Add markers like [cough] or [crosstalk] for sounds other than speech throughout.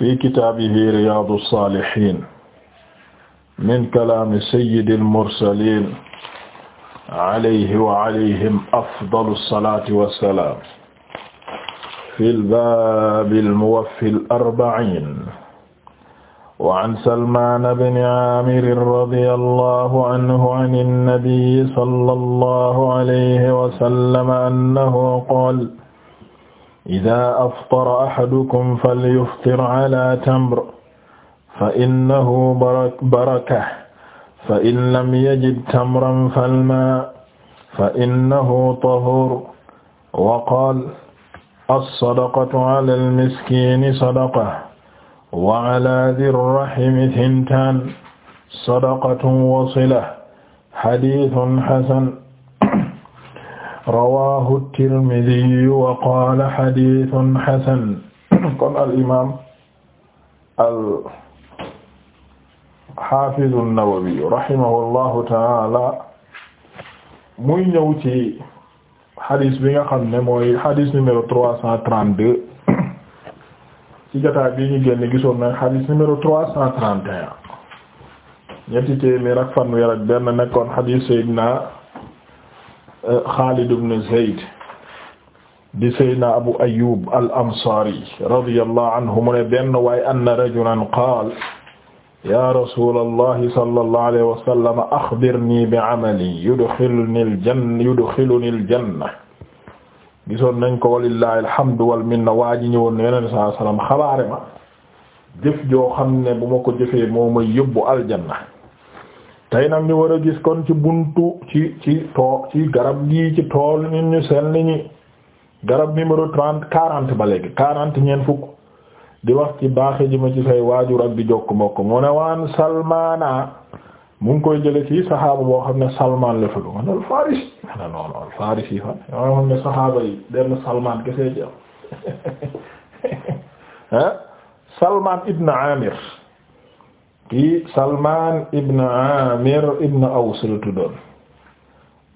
fi kitaabihi riyaadu saalihiin min kalaami sayyidil mursaliin alayhi wa alayhim afdalu salaati wa salaam fil baabil muwaffil arba'iin wa an Salmaan ibn Aamir radiyallaahu anhu an nabiyyi sallallahu alayhi wa sallam annahu qaala idaa aftara axadukum falyuftir calaa tamr fa innahu baraka fa in lam yajid tamran falmaa fa innahu tahuur wa qaal assadaqatu cala almiskiini sadaqa wa cala di rrahimi sintaan sadaqatun wa sila xadiisun xasan rawaahu tirmidi wa qaala xadiisun xasan kon al imaam al xaafidu nawawi rahimahu llahu taala muy ñëw ci xadis bi nga xam ne mooy xadis numéro trois cent trente deux ci jotaay bi ñu génn gisoon nag xadis numéro trois cent trente un ñetti téeméer ak fanweer ak benn nekkoon xadis Seydina Xaalid ibn Zayd di Seydina Abu Ayyub al-Ansaari radiyallahu anhu mu ne benn waay anna rajulan qaala yaa rasuulallahi sallallahu alayhi wa sallam axbirnii bi'amalin yudxilunii al-janna yudxilunii al-janna gisoon nañ ko walillahi alhamdu wal minna waa ji ñëwoon ne Yonent bi sallallahu alayhi wa sallam xabaare ma jëf joo xam ne bu ma ko jëfee moo may yóbbu aljanna tey nag ñu war a gis kon ci buntu ci ci too ci garab gii ci tool nit ñu sell ñi garab numéro trente quarante ba léegi quarante ñeent fukk di wax ci baaxe ji ma ci say waajur ak di jokk mbokk mu ne waan salmaana mu koy jële ci saxaaba boo xam ne salmaan la fëgg man al faris ne noonu al faris yi yoo xam ne saxaaba yi denn salmaan kese jël ah [laughs] salmaan ibn amir kii Salman ibn Amir ibn Aws la tuddoon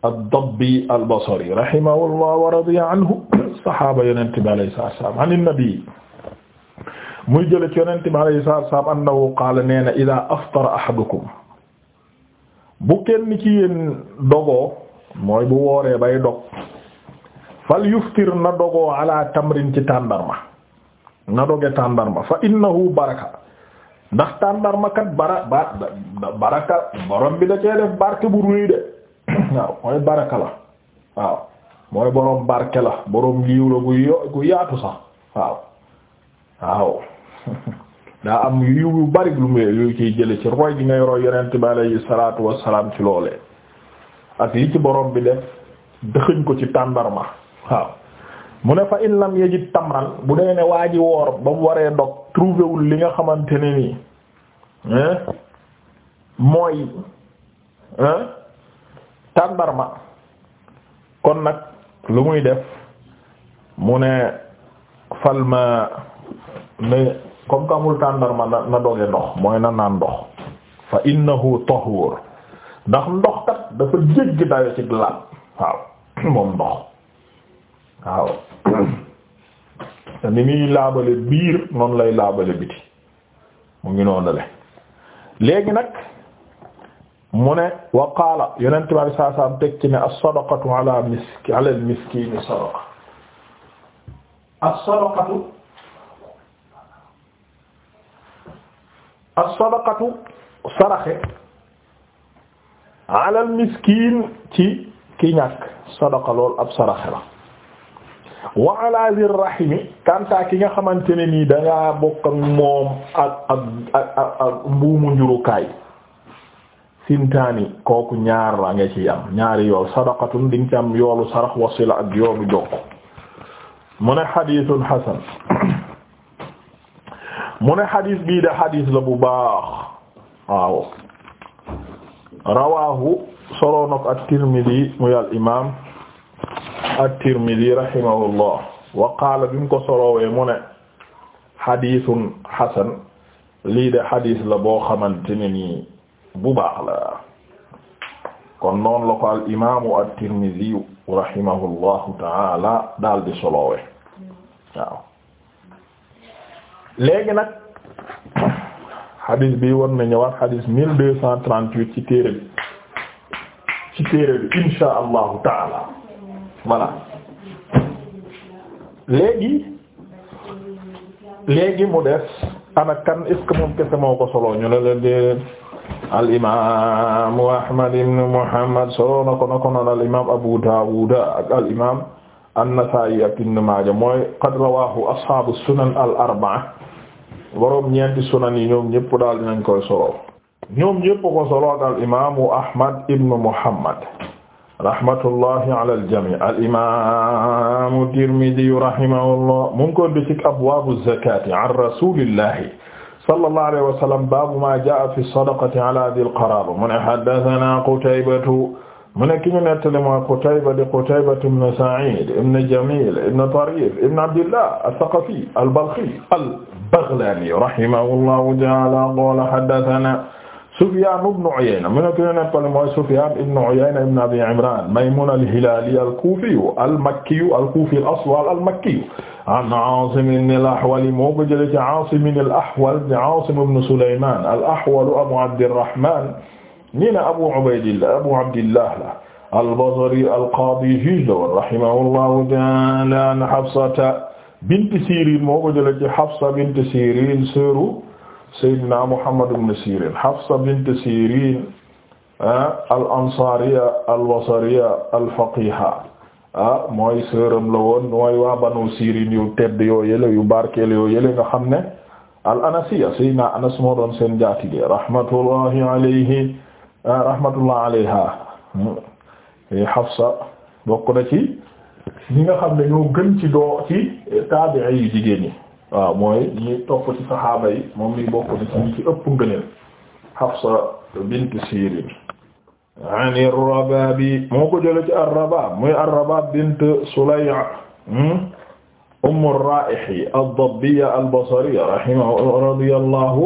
ad-Dabbi al-Basri rahimahullah wa radiya anhu saxaaba yonent bi alayhi salaatu wa salaam an nabi muy jële ci yonent bi alayhi salaatu wa salaam annahu qaala nee na idaa aftara ahadukum bu kenn ci yéen dogoo mooy bu wooree bay dog fal yuftir na dogoo ala tamrin ci tàndarma na doge tàndarma fa innahu baraka ndax tàndarmakat bara baraka borom bi da cee def barke bu ruy de [coughs] waaw mooy baraka la waaw mooy borom barke la borom liiw la gu yo- gu yaatu sax waaw waaw [laughs] daa am yiw yu bari lu muy yu ciy jële ci roy gi ngay roy yonent bi alayhi salaatu wassalaam ci loolee ak yi ci borom bi def dëxëñ ko ci tàndarma waaw mu ne fa in lam yajid bu dee ne waa ji woor ba mu waree dog trouvé wul li nga xamante ni nii mooy tàndarma kon nag lu muy def mu ne falma ne comme que tàndarma na na doge ndox mooy na naan ndox fa innahu tahur ndax ndox kat dafa jégg dayo ci laab waaw [coughs] moom ndox waaw [coughs] te ni muy laabale biir noonu lay laabale biti mu ngi noonu le léegi nag mu ne wa qaala yonent bi sallallahu alayhi wasallam teg ci ne as-sadaqatu ala miski ala al sadaqatu saraxe ala al-miskin ci ki ñàkk sadaqa lool ab saraxe la wa ala zir rahimi kanta ki nga xamante ne nii dangaa bokk ak moom ak ak ak ak mbuumu njurukaay sintaani kooku ñaar la nga ci am ñaari yool sadaqatun di nga yoolu sarax wasila ak yoolu jokk mu ne xadiisun xasan mu ne xadiis bii de la bu baax waaw rawaahu soloonok at-Tirmidi muy al imaam at-Tirmidhi rahimahullah wa qaala bi ko soloowee mu ne xasan lii de xadiis la boo xamante ne nii bu baax la kon noonu la al imaamu at-Tirmidhi rahimahullahu taala daal di soloowee waaw nag xadiis bii war na ñëwaat xadiis mille deux ci téere bi ci téere bi taala voilà léegi léegi mu def ana kan est moo ko solo ñu ne la déedéet ibn Muhammad solo na ko na ko noon al Abu Dawud ak al imaam ak Ibn Maaja mooy qad rawaahu ashaabu sunan al arba'a boroom ñeenti sunan yi daal dinañ solo ñoom ñëpp ko solo ak al ibn Muhammad. rahmatullahi ala al-jamii al-imaamu Tirmidi rahimahullah mu ngi ko indi ci abwaabu zakaati an rasuulillahi sallallahu alayhi wa sallam baabu maa jaa'a fi sadaqati ala dhil qaraaba mu ne haddathanaa Qutaybatu mu ne ki ñu nettali mooy Qutayba di Qutaybatu ibn Sa'iid ibn Jamiil ibn Tariif ibn Abdillah ath-Thaqafi al-Balkhi al-Baghlaani rahimahullahu ta'aala qaala haddathanaa Sufyaan ibn Uyayna mu nekk ñu nettali mooy Sufyaan ibn Uyayna ibn Abi Imraan Maymuun al-Hilaali al-Kuufi al-Makki al-Kuufi al-aswal al-Makki an Aasim ibn al-Ahwal moo ko jëlee ci Aasim ibn al-Ahwal di Aasim ibn Sulaymaan al-Ahwal Abu Abdirrahmaan ñii ne Abu Ubaydillah Abu Abdillah la al-Basri al-Qaadi juge la woon rahimahullahu ta'aala an Hafsata bint Siriin moo ko jëlee ci Hafsa bint Siriin Seydina Muhammad ibn Sirin Hafsa bint Sirin al ansariya al mooy sëram la woon mooy waa banu yu tedd yoo yu barkeel yoo yële nga xam ne al anasiya Anas moo doon seen jaatige rahmatullahi alayhi ah, rahmatullahi alayha hmm. eh, Hafsa bokk na ci ñi nga xam ne ñoo gën ci doo ci taabi'i yu jigéen waaw mooy ñi topp ci saxaaba yi moom mi bokk ci ñi ci ëpp ngëneel Hafsa bint Sirin an ar-Rabaab moo ko jële ci ar-Rabaab muy ar-Rabaab bint Sulay' hmm? umm ar-Raa'ihi ad-Dabbiyya al-Basriyya radiyallahu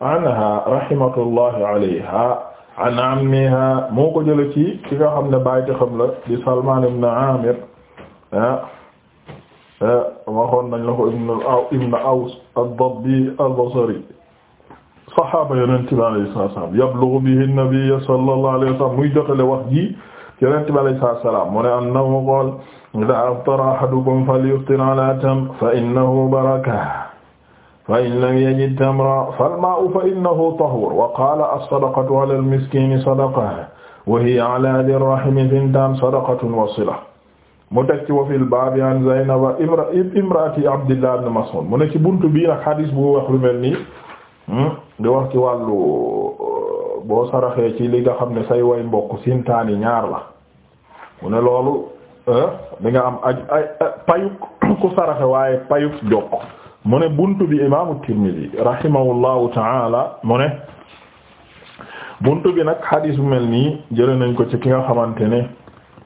anha rahmatullahi alayha an ammiha moo ko jële ci ki nga xam ne bayti xam la di Salmaan ibn Aamir ah. Eh, waxoon nañ la ko ibn al ibn Aws ad-Dabbi al-Basri saxaaba yonent bi alayhi salaam yablughu bihi an-nabiy sallallahu alayhi wa sallam muy jotale wax ji yonent bi alayhi salaam mu ne annahu qaala idhaa aftara ahadukum falyuftir alaa tamrin fa innahu baraka fa in lam yajid tamran fal-maa'u fa innahu tahuur wa qaala as-sadaqatu alal miskiini sadaqa wa hiya alaa dhir-rahimi thintaan sadaqatun wa sila mu teg ci wa fil baabi an Zaynab imraati Abdillah ibn Mas'ud mu ne ci bunt bii nag xadis bu wax lu mel nii hmm, di wax ci wàllu uh, bo saraxee ci li nga xam ne say way mbokk sintaani ñaar la mu ne loolu eh, di nga am aj eh, payuk [coughs] ku saraxe waaye payuk jokk mu ne bunt bi imaamu Tirmidhi rahimahullahu ta'ala mu ne buntu bi nag xadis bu mel nii jële nañ ko ci ki nga xamante ne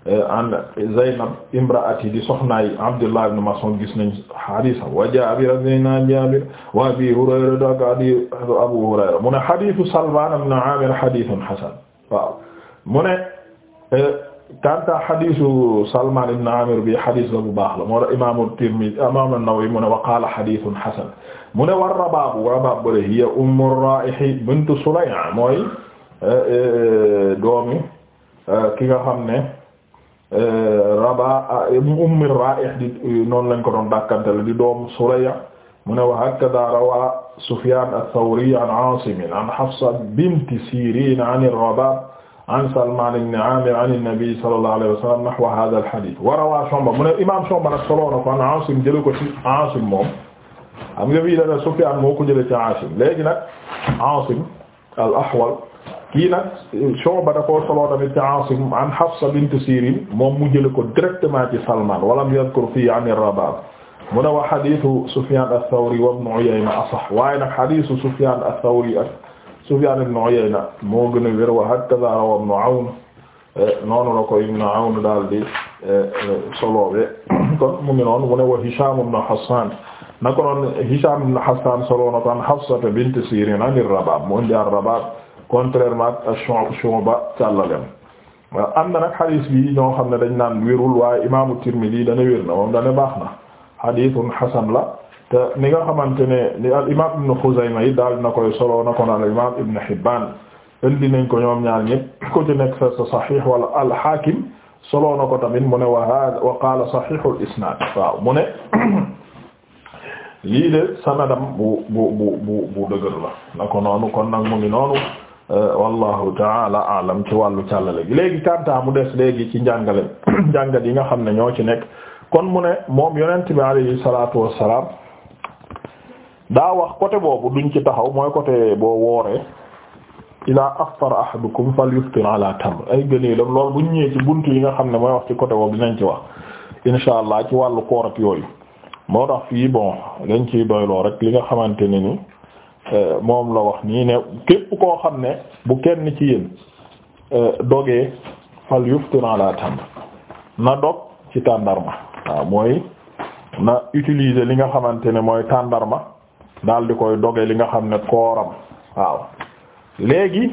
Euh, an Zaynab imraati di soxnaay Abdullah ibn Mas'ud gis nañ hadisa wa Jaabir Zaynab Jaabir wa Abi Hurayra dak adi Abu Hurayra mu ne hadisu Salman ibn Amir hadithun hasan waaw mu ne euh, kanta hadisu Salman ibn Amir bi hadis la bu baax la moo tax imaamu Tirmidhi imaamu Nawawi mu ne wa qaala hadithun hasan mu ne war rabaabu rabaab bale hiya Ummu Raa'ihi bintu Sulay'a mooy euh, doomi ki nga xam ne Euh, Rabaa mu euh, Ummi Raa'ih di euh, noonu lañ ko doon dàkkantele di doom Suraya mu ne wa hakadha rawaa Sufyaan ath-Thawri an Aasim an Hafsa binti Siriin an ar-Rabaab an Salmaan ibn Aamir an an-Nabi sallallahu alayhi wa sallam nahwa haadha al-hadiith wa rawaa Shu'ba mu ne imaam Shu'ba nag solo na ko an Aasim jële ko ci Aasim moom xam nga fii dana Sufyaan moo ko jële ci Aasim léegi nag Aasim al-Ahwal lii nag Shu'ba da koo soloo tamit an Hafsa bint Sirin moom mu jële ko directement ci Salman walam yadhkur fii an ar-Rabaab mu ne wa hadithu Sufyan ath-Thawri wa Ibn Uyayna asah waaye nag hadithu Sufyan ath-Thawri ak Sufyan ibn Uyayna moo gën a wér Ibn Awn noonu la daal di eh, eh, soloobe [coughs] kon mu ngi noonu mu wa Hisham ibn Hassan na ko noon Hisham ibn Hassan soloo an Hafsa bint Sirin an ar mu indi ar-Rabaab contrairement ak Shu'ba càllalem am na nag xadis bi ñoo xam ne dañ naan wirul waaye imaamu Tirmidi lii wér na moom dana baax na xadisun xasan la te ni nga xamante ne ni al imaam ibnu Xuzayma yi daal na koy solo na ko na al imaam ibnu Hibbaan indi nañ ko ñoom ñaar ñëpp ko ci nekk sa saxiix wala al Haakim solo na ko tamit mu ne wa hada wa qaala saxiixul isnaad waaw mu ne lii de sanadam bu bu bu dëgër la na ko noonu kon nag mu ngi noonu. Euh, wallahu taala alam ci wàllu càllale léegi kantaa mu des léegi ci njàngale [coughs] njàngat yi nga xam ne ñoo ci nekk kon mu ne moom yonent bi alayhi salaatu wassalaam daa wax côté boobu duñ ci taxaw mooy côté boo wooree ila aftara ahadukum falyuftir ala tamr ay gëneelam loolu buñ ñëwee ci bunt yi nga xam ne mooy wax ci côté boobu dinañ ci wax insha allah ci wàllu koor yooyu moo tax fii bon dañ ciy doyloo rek li nga xamante ne Euh, moom la wax nii ne képp koo xam ne bu kenn ci yéen euh, dogee fal yuftir ala tamr na dog ci tàndarma waaw mooy na utilise li nga xamante ne mooy tàndarma daal di koy doge li nga xam ne kooram waaw léegi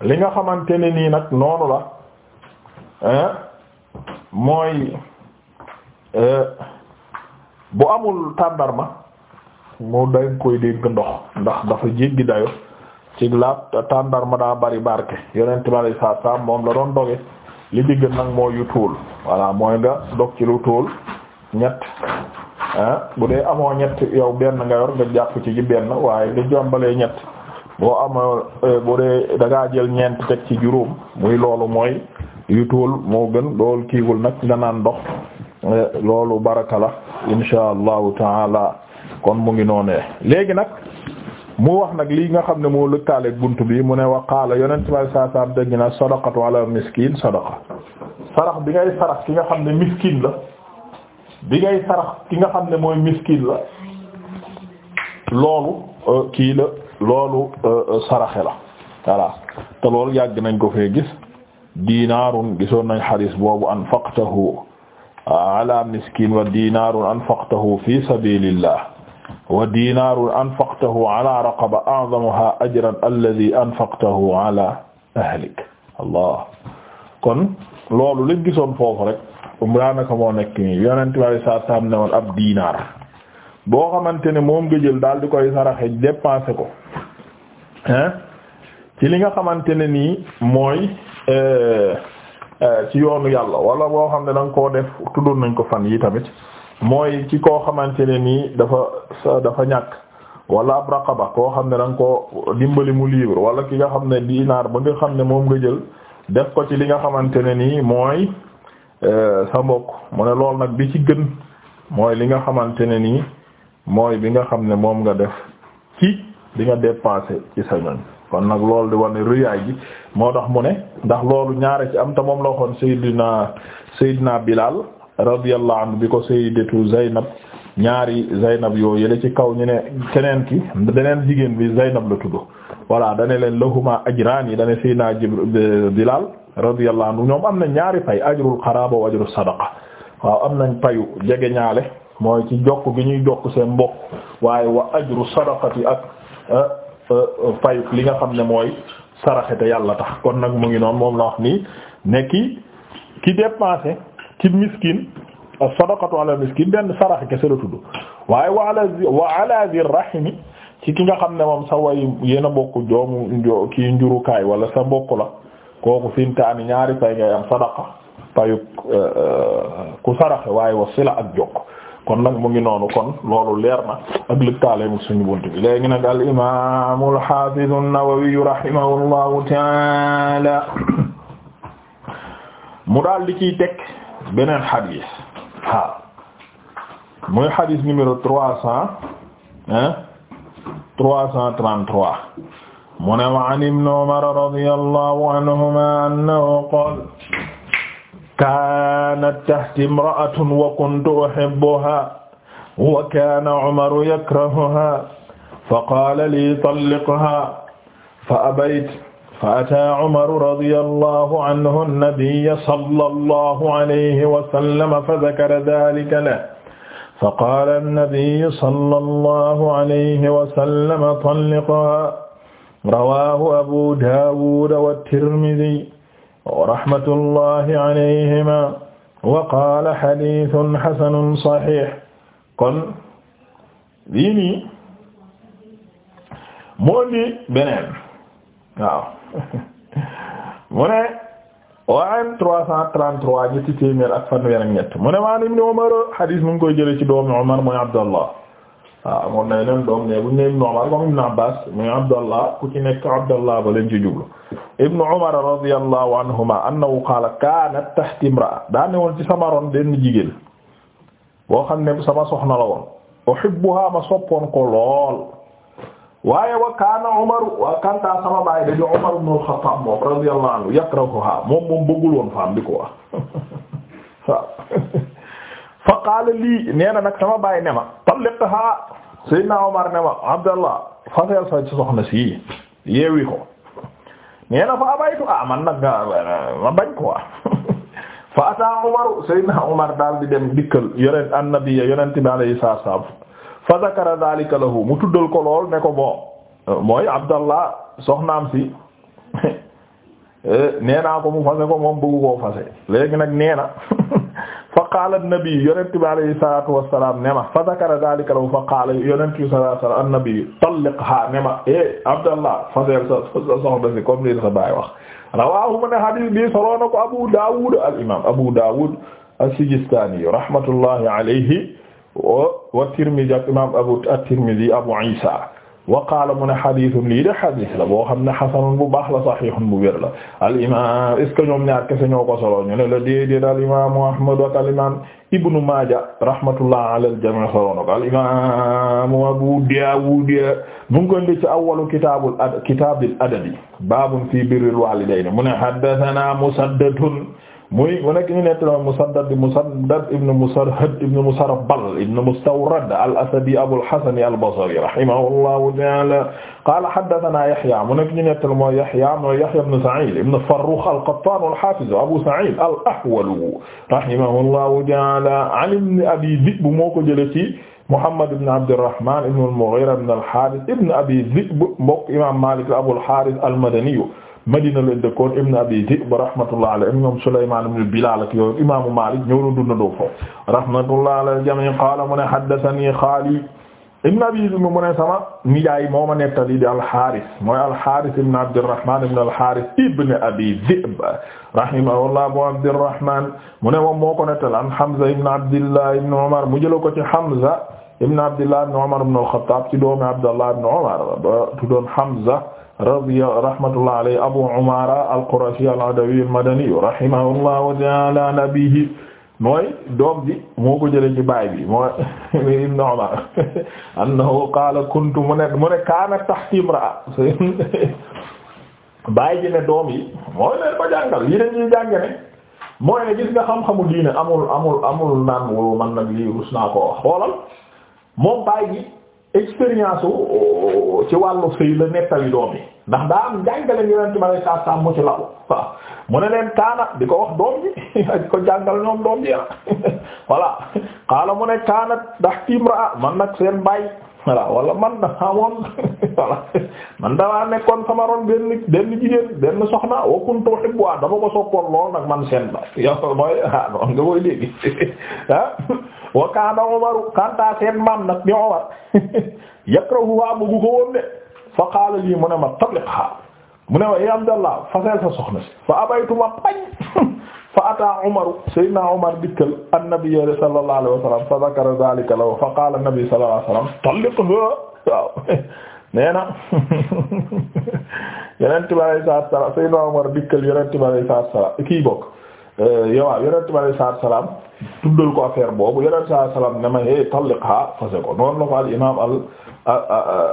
li nga xamante ne nii nag noonu la mooy euh, bu amul tàndarma moo dañ koy dégg ndox ndax dafa jéggi dayo ci laab tàndar ma daa bari barke yonent bi alay saa saa moom la doon doge li digg nag moo yu tuul voilà mooy nga dog ci lu tuul ñett bu dee amoo ñett yow benn nga yor nga jàpp ci ci benn waaye nga jombalee ñett boo amoo euh, bu dee da ngaa jël ñeent teg ci juróom muy loolu mooy yu tuul moo gën loolu kiiwul nag nga naan ndox euh, loolu baraka la insha allahu taala kon mu ngi noonee léegi nag mu wax nag lii nga xam ne moo lëkkaaleeg bunt bi mu ne wa qaala yonent bi saa saa dégg na sadaqatu ala miskin sadaqa sarax bi ngay sarax ki nga xam ne miskin la bi ngay sarax ki nga xam ne mooy miskin la loolu euh, kii la loolu euh, saraxe la voilà te loolu yàgg nañ ko fee gis dinaarun gisoon nañ xadis boobu anfaqtahu ala miskin wa dinaarun anfaqtahu fi sabilillah wa dinaarun anfaqtahu ala raqaba a'zamuha ajran alladhi anfaqtahu ala ahlik allah kon loolu lañ gisoon foofu rek mu daanaka moo nekk nii yonent bi alayhi ne woon ab diinaar boo xamante ne moom nga jël daal di koy saraxe dépensé ko hein ci li nga xamante ne nii mooy euh, euh, ci yoonu yàlla wala boo xam ne da ko def tuddoon nañ ko fan yi tamit mooy ci koo xamante ne nii dafa dafa ñàkk wala ab raqaba koo xam ne danga ko dimbali mu libre wala ki nga xam ne naar ba nga xam ne moom nga jël def ko ci li nga xamante ne nii mooy euh, sa mbokk mu ne lool nag bi ci gën mooy li nga xamante ne nii mooy bi nga xam ne moom nga def kii li nga dépensé ci sa ñoñ kon nag loolu di wane rëyaay ji moo tax mu ne ndax loolu ñaare ci am te moom la waxoon Seydina Seydina Bilal radiyallahu anhu bi ko sayyidatu Zaynab ñaari Zaynab yoo yële ci kaw ñu ne keneen ki beneen jigéen bi Zaynab la tudd voilà dane leen lahuma ajraan yi dane sayyidina Jibril Bilaal radiyallahu anhu ñoom am na ñaari pay ajrul qaraaba waaw am nañ payu jege ñaale mooy ci jokk gi ñuy jokk seen mbokk waaye wa ajru sadaqati ak eh, eh, payu li nga xam ne mooy saraxete yàlla tax kon nag mu ngi noonu moom la wax nii nekki ki dépensé ci miskin as-sadaqatu ala miskin benn sarax kese la tudd waaye wa ala wa ala dhir rahimi ci ki nga xam ne moom sa way yéen a bokk joomu joo njurukaay wala sa bokku la kooku fintaani ñaari fay ngay am sadaqa payu euh, euh, ku saraxe waaye wa sila ak jokk kon nag mu ngi noonu kon loolu leer na ak lëkkaale mu suñu bi léegi nag al imam al hafiz an-Nawawi mu daal di ciy beneen xadis waaw mooy xadis numéro trois cent hein trois cent trente-trois mu ne wa an ibn Umar radiyallahu anhuma annahu qaala kaanat tahtii imra'atun wa kuntu uhibbuhaa wa kaana Umaru yakrahuhaa fa qaala lii talliqhaa fa abaytu fa ataa Umaru radiyallahu anhu nabiyya sallallahu alayhi wa sallam fa zakara daalika lahu fa qaala nabiyyu sallallahu alayhi wa sallam talliqhaa rawaahu Abu Daawud wa Tirmidhi rahmatullahi alayhimaa wa qaala hadiisun hasanun sahiih kon lii nii moo di beneen waaw. [laughs] mu ne waan trois cent trente ak fanweer ak ñett mu ne waan Ibn Umar hadis mu ngi koy jële ci doomi Umar mooy Abdallah waaw moom ne leen doom ne buñ ne Ibn Umar comme Ibn Abbas muy Abdallah ku ci nekk Abdallah ba leen ci jublu Ibn Umar radiyallahu anhuma annahu qaala kaanat tahti imra'a daa ne woon ci sama ron benn jigéen boo xam ne sama soxna la woon uhibbuha ma soppoon ko lool waaye wa kaana Umar wa kanta sama baay da di Umar ibn al-Khattab moom radiyallahu anhu yakrahuha moom moom bëggul woon bi quoi [laughs] fa qaala lii nee na nag sama baay ne ma talliqha Seydina Umar ne ma Abdallah faseel sa soxna si yeewi ko nee na fa abaytu ah man nag ah, ma bañ quoi [laughs] fa ata Umar Seydina Umar daal dem dikkal yonent an-nabiyya yonent bi alayhi salaam fa zakara dhalika lahu mu tuddal ko lool ne ko bon mooy abdallah soxnaam si [laughs] nee naa ko mu fase ko moom bëggu koo fase léegi nag nee na [laughs] fa qaala an-nabi yonent bi alayhi salaatu wassalaam ne ma fa zakara dhalika lahu fa qaala yonent bi sallallahu alayhi wasallam an-nabi talliqha ne ma eh abdallah faseel sa soxna si comme li sa baay wax rawaahu mu ne hadis bi solo na ko Abu Dawud al imam Abu Dawud as-Sijistani rahmatullahi alayhi wa Tirmidhi ak imaam Abu at-Tirmidhi Abu Isa wa qaala mu ne xadiisun lii de xadiis la boo xam ne xasanun bu baax la saxiixun bu wér la al imaam est ce que ñoom ñaar kese ñoo ko solo ñu ne la déedéet al imaam Ahmad ak al imaam Ibnu Maaja rahmatullah ala al jamii solo na ko al imaam Abu Daawuud mu ngi koy ci awwalu kitaabul ad kitaabil adabi baabun fii birril waalidayni mu ne haddasanaa Musaddadun muy mu nekk ñu nettali Musaddad Musaddad ibn Musarhad ibn Musarbal ibn Mustawrad al-Asadi Abul Hasan al-Basri rahimahullahu ta'ala qaala haddathanaa Yahya mu nekk ñu nettali mooy Yahya mooy Yahya ibn Sa'id ibn Farrukh al-Qattan al-Hafiz Abu Sa'id al-Ahwal rahimahullahu ta'ala an ibn Abi Dhib moo ko jëlee ci Muhammad ibn Abdirrahman ibn al-Mughira ibn al-Harith ibn Abi Dhib mbokk Imam Malik Abul Harith al-Madani Madina leen dëkkoon Ibn Abi Dhi'b rahmatullah alayhi ñoom Sulaymaan ibn Bilaal ak yooyu imaamu Maalik ñoo doon dundandoo foofu rahmatullah alal jamii qaala mu ne haddathanii Xaali Ibn Abi Dhi'b mu ne sama nijaay moo ma nettali di al-Haaris mooy al-Haaris ibn Abdirrahmaan ibn al-Haaris ibn Abi Dhi'b rahimahullah Abu Abdirrahmaan mu ne moom moo ko nettali an Hamza ibn Abdillah ibn Umar mu jël ko ci Hamza ibn Abdillah ibn Umar ibn al-Khattaab ci doomi Abdallah ibn Umar tuddoon Hamza radiya rahmatullah alayhi abu umara al-qurashi al-adawi al-madani mooy doom ji moo ko jëlee baay bi mooy [laughs] ibn umar annahu qaala kuntu mu ne mu [laughs] baay ji ne doom mooy ne mooy ne gis xam-xamu diine amul amul amul man nag lii rus naa koo wax baay ji expérience u ci wàllu sëy la nettali doom yi ndax daa am jàngale yonente mi alay saa ne leen kaana di ko wax doom ji [laughs] ko jàngal ñoom doom ji [laughs] la mu ne kaana ndax imraa man nag seen bàyyi voilà wala man damaa woon [laughs] voilà nekkoon sama ron benn benn jigéen benn soxna wa kuntu uhibbuha dama ko soppoon lool nag man seen ba yow mooy ah, nga koy léegi ah. wa kaana Umaru kanta seen maam nag di Umar [laughs] yakrahu waa bëggu ko woon de fa qaala lii mu ne ma tabliqha mu ne wa ya Abdallah fasal sa soxna si fa abaytu ma bañ [laughs] fa ataa Umaru sayyidina Umar dikkal an-nabiy sallallahu alayhi wa sallam fa dhakara dhalika lahu fa qaala an-nabiy sallallahu alayhi wa sallam talliqha waaw [laughs] nee na yeneen tubaab yi saa salaam sayyidina Umar dikkal yeneen tubaab yi saa salaam kii bokk eh, yow waaw yeneen tubaab yi saa salaam tuddal ko affaire boobu yeneen saa salaam ne ma hey talliqha fase ko noonu la ko al imaam al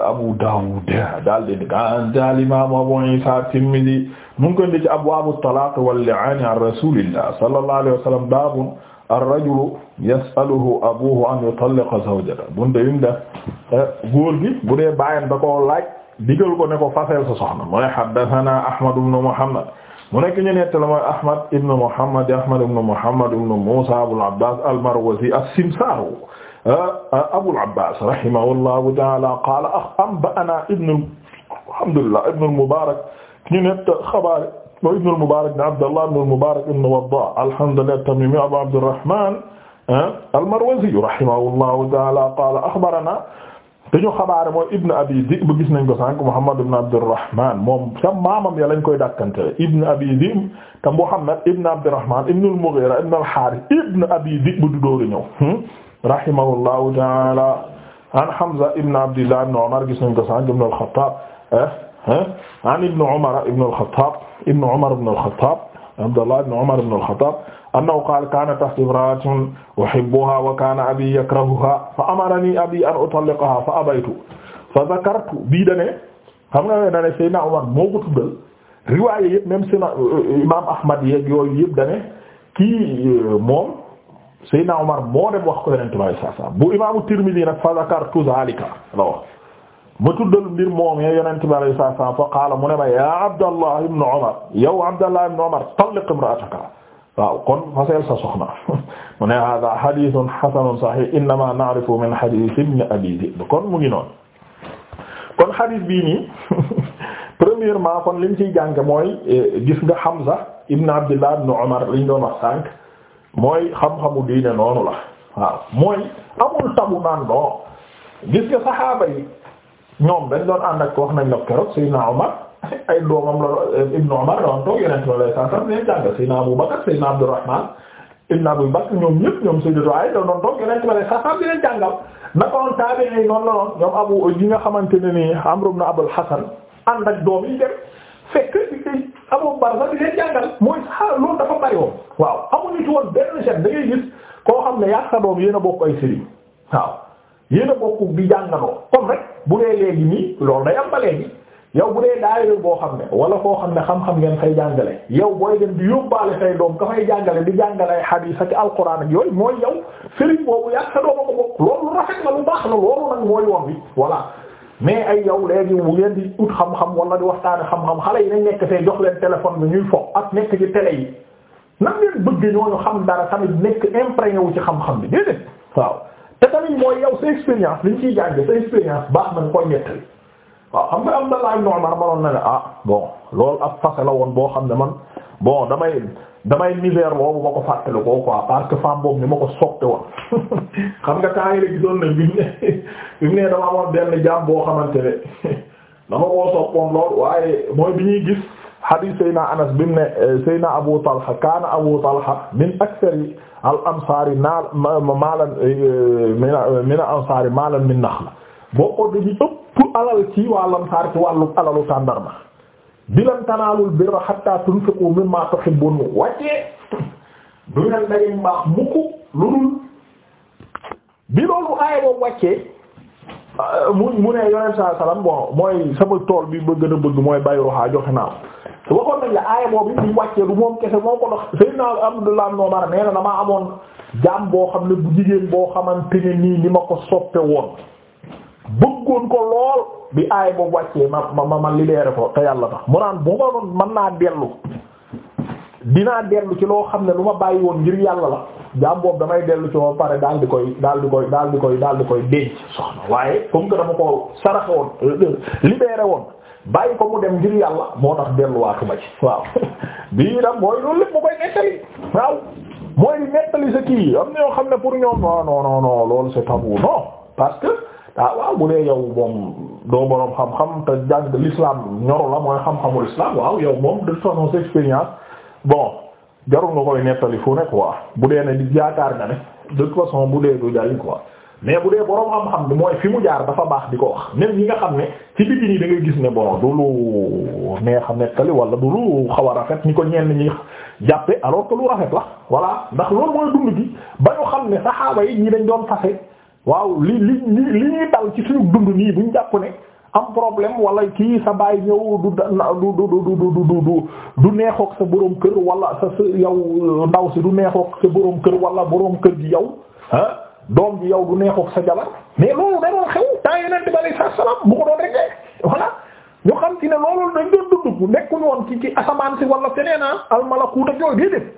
Abu Dawud daal di ah, daal imaam Abu Isa Tirmidhi mu ngi koy indi ci abwaabu talaaq wal li'aan an rasuulillah sallallahu alayhi wa sallam baabun ar-rajulu yas'aluhu abuhu an yutalliqa zawjatahu bunte yi mu def eh, góor gi bu dee baayam da koo laaj digal ko ne ko fasal sa soxna mooy haddathanaa Ahmad ibn Muhammad mu nekk ñu nettali mooy Ahmad ibn Muhammad Ahmad ibn Muhammad ibn Musa Abul Abbas al-Marwazi as-Simsari ah, Abul Abbas rahimahullahu ta'ala qala anba'ana ibn alhamdulillah ibn al-Mubarak ñu nett xabaar mooy ibn al-Mubarak ibn Abdullah ibn al-Mubarak ibn Waddah alhamdulillah at-Tamimi Abu Abdurrahman ah, al-Marwazi rahimahullahu ta'ala qala akhbarana dañu xabaare mooy ibn abi Dhi'b gis nañ ko sànq Muhammad ibn Abdurrahman moom sa maamam koy dàkkantele ibn abi Dhi'b te Muhammad ibn Abdurrahman ibn al-Mughira ibn al-Harith ibn abi Dhi'b du dóoru ñëw hmm? rahimahullahu ta'ala an Hamza ibn Abdillah ibn Umar gis nañ ko sànq ibn al-Khattab an annahu qaala kaana tahtii imra'atun uhibbuhaa wa kaana abii yakrahuhaa fa amaranii abii an utalliqahaa fa abaytu fa zakartu bii da ne xam nga da ne Seydina Omar moo ko tuddal riwaay yëpp même Seydina euh, Imaam Ahmad yeeg yooyu yëpp da ne kii euh, moom Seydina Omar moo dem wax ko Yonent bi saa saa bu Imaamu Tirmidhi nag fa zakartu zaalika la wax ma tuddal mbir moom yee yonent bi alayhi salaam fa qaala mu ne ma yaa Abdallah ibn Umar yow Abdallah ibn Umar talliq imra'ataka waaw kon fasel sa soxna [laughs] mu ne hada hadithun hasanun sahih innama na'rifu min hadith ibn abi kon mu ngi noonu kon hadith bii nii [laughs] premièrement kon liñ ciy jàng mooy e, gis nga Hamza ibn Abdullah ibn Umar liñ doon mooy xam-xamu diine noonu la waaw mooy amul tabu naan doo gis nga saxaaba ñoom dañ doon ànd ak nañ la keroog Seydina ay doomam la Ibn Umar doon toog yeneen tool yi sax sax dinañ jàng Seydina Abu Bakr Seydina Abdurrahman Ibn Abu Bakr ñoom ñëpp ñoom Seydina Ayda doon yi sax sax la nga xamante ne nii Amr ibn Abul Hasan ànd ak doom yi dem fekk Abu Bakr sax mooy sax loolu dafa bari woon waaw amuñu ci woon benn chef da gis koo xam ne yaa sa doom yéen a bokk ay sëriñ waaw yéen a bokk di jàngaloo comme rek bu dee léegi nii loolu day am ba léegi yow bu dee daayira boo xam ne wala koo xam ne xam-xam ngeen fay jàngale yow booy dem di yóbbaale say doom ka fay jàngale di jàngale ay xadiis ak alxuraan ak yooyu mooy yow sëriñ boobu yàgg sa dooma ko bokk loolu rafet na lu nag mooy yoon bi voilà mais ay yow léegi bu ngeen di ut xam-xam wala di waxtaane xam-xam xale yi nañ nekk fee jox leen téléphone bi ñuy fo ak nekk ci télé yi nan ngeen bëgg ñooñu xam dara tamit nekk imprégné wu ci xam-xam bi déedéet waaw te tamit mooy yow sa expérience liñ ciy jànge sa expérience baax na nga koy nettali waaw xam nga na ne ah bon loolu ab fase la woon boo xam ne man bon damay damay misère boobu ma ko fàttali ko quoi parce que femme boobu ni ma ko soppi woon [laughs] xam nga temps yi la gisoon nañ bi mu ne bi mu ne dama amoon benn jaam boo xamante ne [laughs] dama koo soppoon lool waaye mooy bi ñuy gis hadith Seyna Anas bi mu eh, Abu Talha kaana Abu Talha min akthari al ansaari naal eh, eh, min ansaari maalan min naxla boo ko dañu ëpp alal ci wàllam xaar ci wàllu alalu tàndarma bi tanaalul birra hatta tunfiqu mimma tuhibbun wàccee du ngeen daje wàccee saa tool bi ba gën bëgg mooy bayu roxaa joxe naa du moom kese moo ko dox Seydina Abdullah ibn Umar nee na damaa amoon jaam boo xam ne bu jigéen boo xamante ne nii ni ma ko soppe woon bëggoon ko lool bi aay boobu wàccee ma ma ma libéré ko te yàlla tax mu naan bu ma naa dellu dinaa dellu ci loo xam ne lu ma bàyyi woon ngir yàlla la jaam damay dellu ci pare dal di koy daal di koy daal di koy daal di koy denc soxna waaye comme ko saraxe woon libéré woon bàyyi ko mu dem ngir yàlla moo tax delluwaatu ma ci waaw [laughs] bii nag mooy loolu lépp mu koy nettali waaw mooy nettali sa kii am na yoo xam ne pour ñoom non non non non loolu c'est tabou non ah waaw bu dee yow moom doo boroom xam-xam te jàng lislaam ñoro la mooy xam-xamul islam waaw yow moom de son expérience bon jarul nga koy nettali fu ne quoi bu dee ne di jaakaar nga ne de toute façon bu dee du jariñ quoi mais bu dee boroom xam-xam bi mooy fi mu jaar dafa baax di ko wax même ñi nga xam ne ci biti nii da gis ne bon du lu neex a nettali wala du lu xaw a rafet ñi ko ñenn ñi jàppe alors que lu rafet la voilà ndax loolu mooy ba ñu xam ne saxaaba yi ñi dañ doon fase waaw li li li ñuy dal ci suñu dund nii buñ jàpp ne am problème wala kii sa baay ñëw du du du du du du neexook sa boroom kër wala sa sa yow euh, ndaw si du neexook sa boroom kër walla boroom kër gi yow ah doom bi yow du neexook sa jabar mais loolu da xew temps yeneen bi alayhi salaam bu ko doon rek voilà ñu xam ci ne loolu dañ doon dund bu nekkul woon ci ci asamaan si wala feneen ah al malakuut ak yooyu déedéet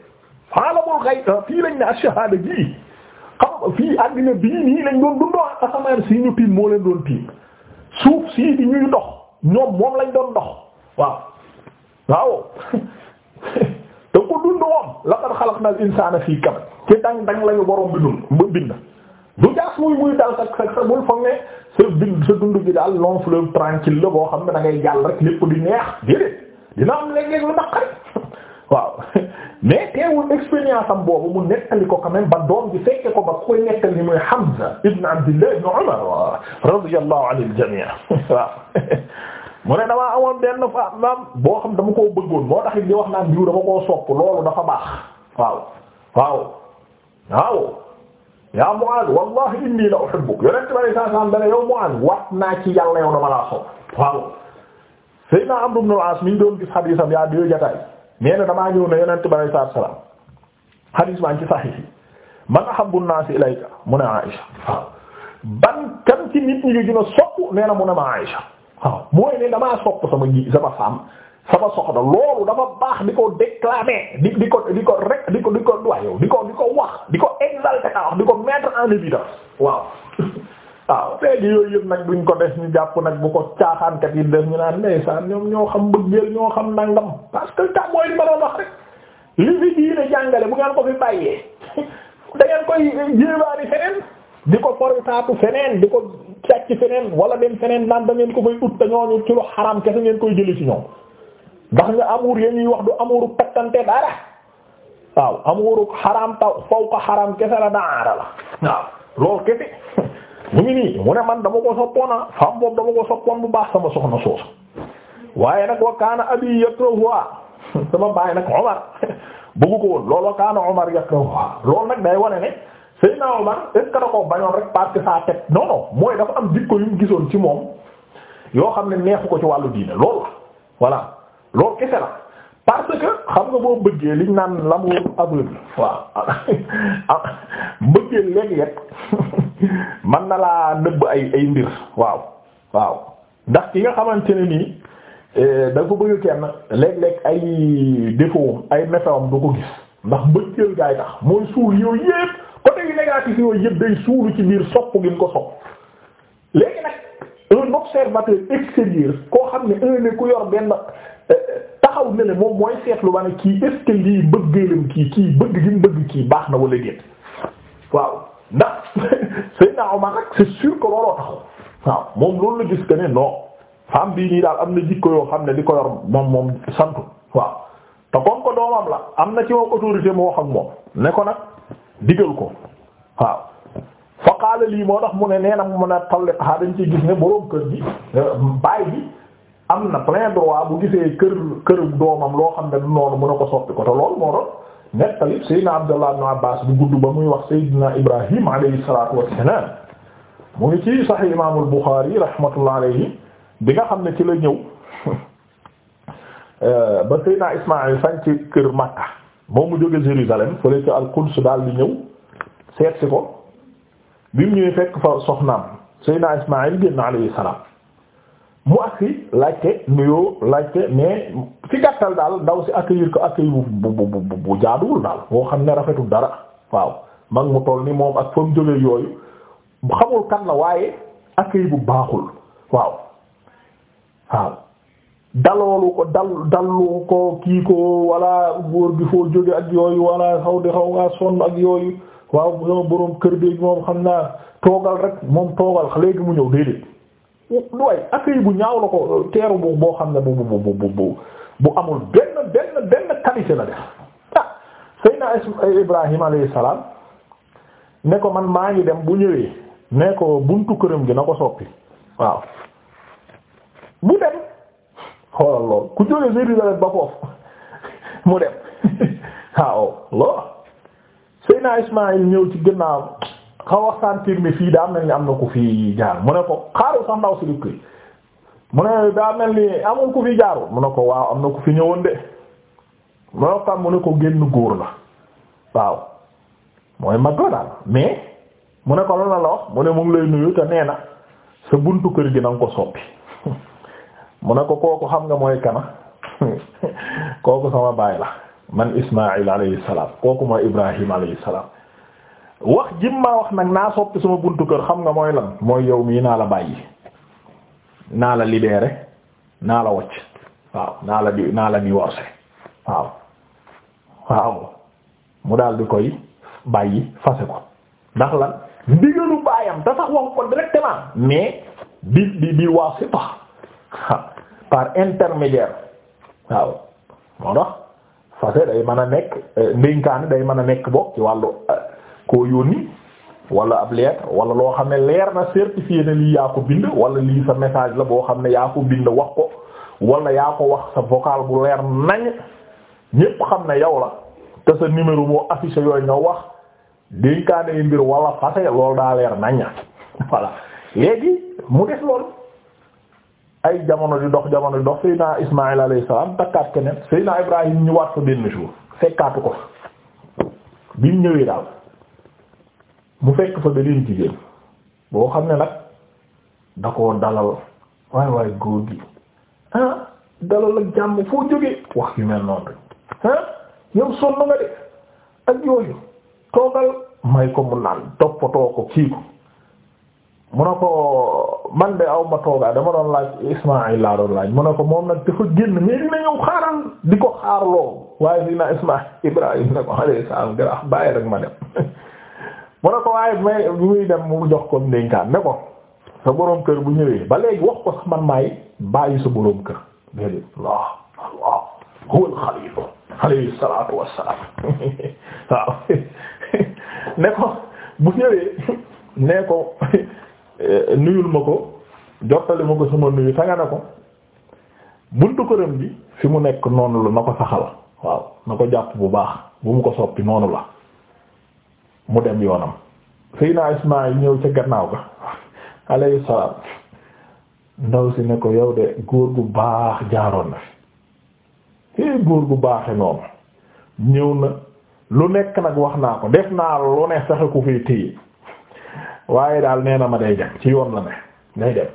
xaalamul xay ah, fii lañ ne ashahada ji xam fii àddina bii nii lañ doon dundoo asamaan si ñu tiim moo leen doon tiim suuf sii di ñuy dox ñoom moom lañ doon dox waaw waaw [laughs] te ko dund woon laqad xalaqnal insaana fii kabad ci dang dang lañu borom bi dund ba bind du jaas muy muy dal sa sa sa bul foog ne sa bind sa dund gi daal long fleuve tranquille la boo xam ne da ngay jàll rek lépp di neex déedéet dina am léeg-léeg lu naqari [laughs] waaw [laughs] mais teewul expérience am boobu mu nettali ko quand même ba doom ji fekke ko ba ku koy nettali ni mooy Hamza ibn Abdillah ibn Umar radiyallahu anil jami' [laughs] waaw [laughs] mu ne damaa amoon benn fa maam boo xam dama ko bëggoon moo tax li wax naan diw dama koo sopp loolu dafa baax waaw waaw waaw yaa Mu'aaz wallahi inni la uhibbuk yonent bi sallallahu alayhi wasallam dana yow Mu'aaz wat naa ci yàlla yow dama laa sopp waaw Seydina mi ñu doon gis hadiisam yaa nee na damaa ñëw ne yonent bi alayhi salaatu salaam xadiis baa ngi ci saxiix yi man ahabbu naasi ilayka mu ne waaw ban kan ci nit ñi gën a sopp nee na mu ne ma Aïsha waaw mooy ne damaa sopp sama ji sama femme sama soxna loolu dafa baax di ko déclamer di di ko di ko di ko di ko di ko di ko wax di ko exalter wax di ko mettre en évidence waaw. [laughs] waaw léegi yooyu yëpp nag duñ ko def ñu jàpp nag bu ko caaxaankat yi def ñu naan ndeysaan ñoom ñoo xam bëggeel ñoo xam nangam parce que tam mooy ma doon wax rek li fi diine jàngale bu ngeen ko fi bàyyee [laughs] da ngeen koy jéebaani feneen di ko fortaatu feneen di ko sàcc feneen wala dem feneen naan da ngeen ko fay ut te ñooñu ci lu xaram kese ngeen koy jëli ci ñoom ndax nga amuur ya ñuy wax du amuuru takkante dara waaw amuuru xaram taw faw ko xaram kese la daara [laughs] mu ngi nii mu man dama ko soppoona ah femme boobu dama ko soppoon bu baax sama soxna soosu waaye nag wa kaana abi yakrahuha ah [laughs] sama baay nag Omar [laughs] bëggu ko woon loolu wa kaana Omar yakrahuha ah loolu nag day wane ne Seydina Omar est-ce bañoon rek parce que sa tête non mooy dafa am jikko yu mu gisoon ci moom yoo xam ne neexu ko ci wàllu diine loolu voilà loolu kese la parce que xam nga boo bëggee liñ naan l'amour aveugle waaw bëggee léegi yet man na laa nëbb ay ay mbir waaw waaw ndax ki nga xamante ne nii eh, da ko bëgg kenn léeg-léeg ay défaut ay météo du ko gis ndax bëccël gaay tax mooy suul yooyu yëpp côté yu négatif yooyu yëpp day suulu ci biir sopp gi ko sopp léegi nag un observateur koo xam ne un ne ku yor benn eh, taxaw ne ne moom mooy seetlu ba ne kii est-ce que lii bëggeelam kii kii bëgg gi mu bëgg kii baax na wala déet waaw. ndax [laughs] Seydina Omar rek c'est sûr que looloo taxaw waaw moom loolu la gis que ne non femme bii nii daal am na jikko yoo xam ne di ko yor moom moom santu waaw te comme que doomam la am na ci moom autorité moo wax moom ne ko nag digal ko waaw fa lii moo tax mu ne nee na mu mën a tolli xaar ah, dañ ciy gis ne boroom kër gi euh, baay bi am na plein droit bu gisee kër doomam loo xam ne du noonu mën a ko soppi ko te loolu moo doon. nettali Seydina Abdallah ibn Abbas bu gudd ba muy wax Seydina Ibrahim alayhi salaatu wassalaam mu ngi ci Sahih Imaam al-Bukhari rahmatullah alayhi bi nga xam ne ci la ñëw [laughs] euh, ba Seydina Ismaïl sañ ci kër Makka moom mu jóge Jérusalem fële ca al-Quds daal di ñëw seet si ko bi mu ñëwee fekk fa soxnaam Seydina Ismaïl génn alayhi salaam mu agsi laajte nuyoo laajte mais ci gàttal daal ndaw si accueillir ko accueil bu bu bu bu jaaduwul daal boo xam ne rafetul dara waaw mag mu toll ni moom ak fa mu jógee yooyu xamul kan la waaye accueil bu baaxul waaw waaw daloolu ko dal dalu ko kii ko walla góor bi foo jóge ak yooyu walla xaw di xaw ngaa sonn ak yooyu waaw sama boroom kër bi moom xam naa toogal rek moom toogal léegi mu ñëw déedéet duway accueil bu ñaaw la ko teeru bu boo xam ne bu bu bu bu amul benn benn benn qualité la def ah Seydina Ibrahim alayhi ne ko man maa ngi dem bu ñëwee ne ko buntu këram gi na ko soppi waaw bu dem xoolal lool ku jógee Jérusalem ba foofu [laughs] mu dem [laughs] waaw lool Seydina Ismaïl ñëw ci ginnaaw xaw a sentir ne fii daa mel ni am na ku fi jaar mu ne ko xaaru sax ndaw si dëkk yi mu ne daa mel ni amul ku fi jaaru mu ne ko waaw am na ku fi ñëwoon de mu ne ko mu ne ko génn góor la waaw mooy mag la daal mais mu ne ko lan la wax mu ne mu ngi lay nuyu te nee na sa buntu kër gi na ko soppi [laughs] mu ne ko kooku xam nga mooy kana [laughs] kooku sama baay la man Ismaïl alayhi salaam kooku mooy Ibrahim alayhi wax jim wax nag naa soppi sama buntu kër xam nga mooy lan mooy yow mii naa la bàyyi naa la libéré naa la wacc waaw naa la di naa la divorcé waaw waaw mu daal di koy bàyyi fase ko ndax lan ndigalu baayam te sax waxu ko directement mais bi bi bi waase pas par intermédiaire waaw moo tax fase day mën a nekk eh, ndénkaane day mën a nekk bokk ci wàllu eh, koo yónni wala ab lettre wala loo xam ne leer na certifié ne lii yaa ko bind wala lii sa message la boo xam ne yaa ko bind wax ko walla yaa ko wax sa vocal bu leer nañ ñépp xam ne yow la te sa numéro boo affiché yooyu nga wax dénkaane yi mbir wala fase loolu daa leer nañ [laughs] voilà léegi mu def loolu ay jamono di dox jamono di dox Seydina Ismaïl alayhi salaam fekkaatu ko fa bi ñëwee daal. mu fekk fa beneen jigéen boo xam ne nag da koo dalal waay waay góor gi ah dalal ak jàmm foo jógee wax yu mel noonu rek ah yow sonn nga de ak yooyu toogal may ko mu naan toppatoo ko kii ko mu ne ko man aw ma toogaay dama doon laaj Ismaïl laa doon laaj mu ne ko moom nag dafa génn mais dina ñëw xaaral di ko xaarloo waaye dina Ismaïl Ibrahim ne ko alayhi salaam gërëm bàyyi rek ma dem. [laughs] mu ne ko waaye may muy dem mu jox ko ndénkaan ne ko sa boroom kër bu ñëwee ba léegi wax ko sax man maay bàyyi sa boroom kër déedéet Allah Allah huwa al-Xaliil alayhi salaatu [laughs] waaw [laughs] ne ko bu ñëwee [laughs] ne ko nuyul ma ko jottali ma ko sama nuyu sa ne ko buntu këram bi fi mu nekk noonu la na ko saxal waaw na ko jàpp bu baax bu mu ko soppi noonu la mu dem yoonam Seydina Ismaayil ñëw ca gannaaw ga alayhi salaam ndaw si ne ko yow de góor gu baax jaaroon na fi eh góor gu baaxe noonu ñëw na lu nekk nag wax naa ko def naa lu ne fexe ku fi téye waaye daal nee na ma day dem ci yoon na ne day dem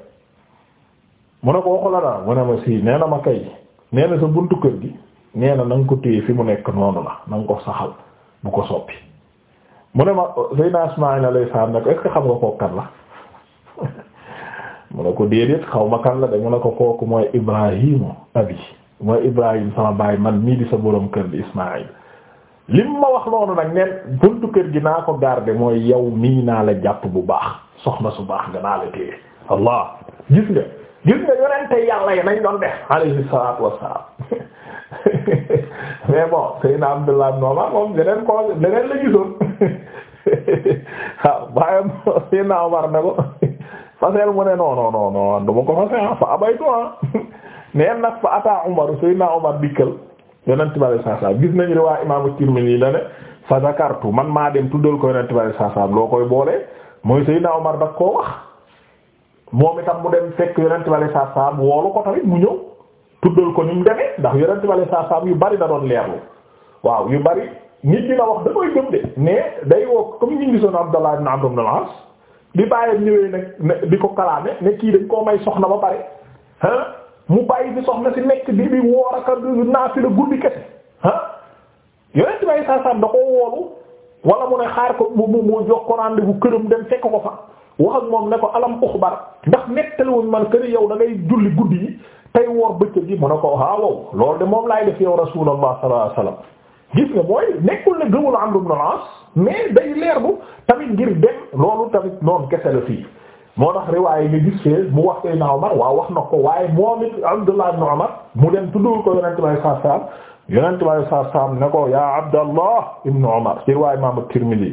mu ne ko waxu la mu ne ma sii nee na ma kay nee na sa buntu kër gi nee na na nga ko téye fi mu nekk noonu la na ko saxal bu ko soppi mu ne ma Seydina Ismaïl alayhi salaam ne ko est-ce xam nga kooku kan la mu ne ko déedéet xaw ma kan la de mu ne ko kooku mooy Ibrahima abi mooy Ibrahim sama baay man mii di sa borom kër di li lim ma wax noonu nag neen buntu kër gi naa ko garder mooy yow mii naa la jàpp bu baax soxna su baax nga naa la téye Allah gis nga. gis nga yonente yàlla yi nañ doon def alayhi salaatu wassalaam [laughs] mais bon Seydina Abdullah ibn Umar moom leneen ko leneen la gisoon [laughs] waaw bàyyam Seydina Umar ne ko [laughs] fasel mu ne non non non ko ah, fa abaytu ah. Umar dikkal yonente bi saa saa gis nañu riwaa imaamu Tirmidhi la ne fa zakartu man maa dem tuddal ko yonente bi saa loo koy boole mooy Seydina Umar daf koo wax moom itam mu dem fekk yonent bale woolu ko tamit mu ñëw tuddal ko ni mu demee ndax yonent bale saa saam yu bari da doon leerlu waaw yu bari nit dina wax da koy gëm de mais day woo comme ñu gisoon Abdallah ibn Amr ibn di ko kalaame kii dañ soxna ba pare mu bàyyi bi soxna si nekk di bi woor ak naafila guddi kese ah yonent bale da ko woolu wala mu ne xaar ko mu mu jox ko rendez këram dem fekk ko fa wax ak moom ne ko alam uxbar ndax nettaliwoon man kër yow da ngay julli guddi yi tey woor bëccëg yi mu ne ko ah wow loolu de moom laay def yow rasulallah sallallahu alayhi wasallam gis nga mooy nekkul ne gëmul Amr ibn al-As mais day leer bu tamit ngir dem loolu tamit noonu kese la fii moo tax riwaay yi nga gis fee mu wax Seydina Omar waaw wax na ko waaye moom it Abdullah ibn Omar mu dem tuddul ko Yonent bi saa saam Yonent bi saa saam ne ko yaa Abdallah ibn Omar ci riwaay Imam Tirmidhi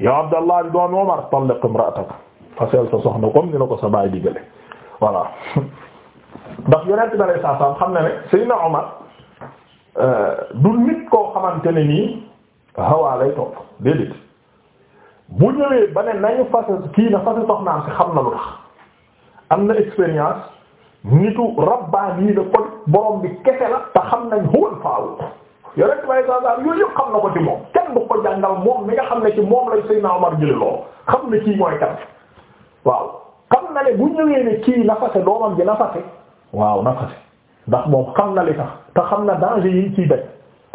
yaa Abdallah ibn Omar talliq imra'ataka fasel sa soxna comme ni la ko sa baay digale voilà ndax yonent bi alayhi salaam xam na ne Seydina Omar euh, du nit koo xamante nii hawaa topp déedéet bu ñëwee ba ne nañu fase kii na fase soxnaam si xam na lu tax am na expérience nitu rabbaani la ko borom bi kese la te xam nañ huwal faawu yonent bi alayhi salaam yooyu yëpp xam na ko ci moom kenn du ko jàngal moom mi nga xam ne ci moom lay Seydina Omar jële xam ne kii mooy kan waaw xam na ne bu ñëwee ne kii na fase doomam ji na waaw na ndax moom xam na li tax te xam na danger yi ciy daj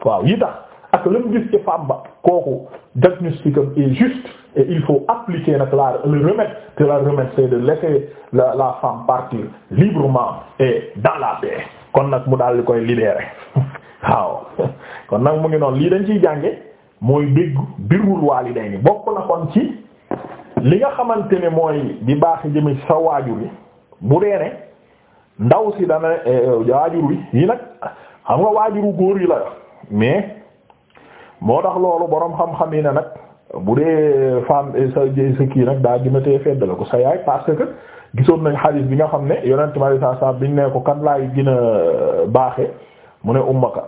waaw yi tax ak la mu gis ci femme ba kooku diagnostic est juste et il faut appliquer nag la le remède te la remède c'est de laisser la la femme partir librement et dans kon nag mu daal di koy libérer [laughs] waaw kon nag mu ngi noonu lii dañ ciy jànge mooy dégg birrul waalidayni bokk na kon ci li nga xamante ne mooy di baax jëmi sa waajur yi bu dee ndaw si dana eh, waajur wi yi nag xam nga waajuru góor yi la mais moo tax loolu boroom xam-xam yi ne nag bu dee femme eh, sa kii nag daa jëmatee feddale ko sa yaay parce que gisoon nañ xadiis bi nga xam ne yonent mari sa sa biñ ne ko kan laay gën a baaxe mu ne ummaka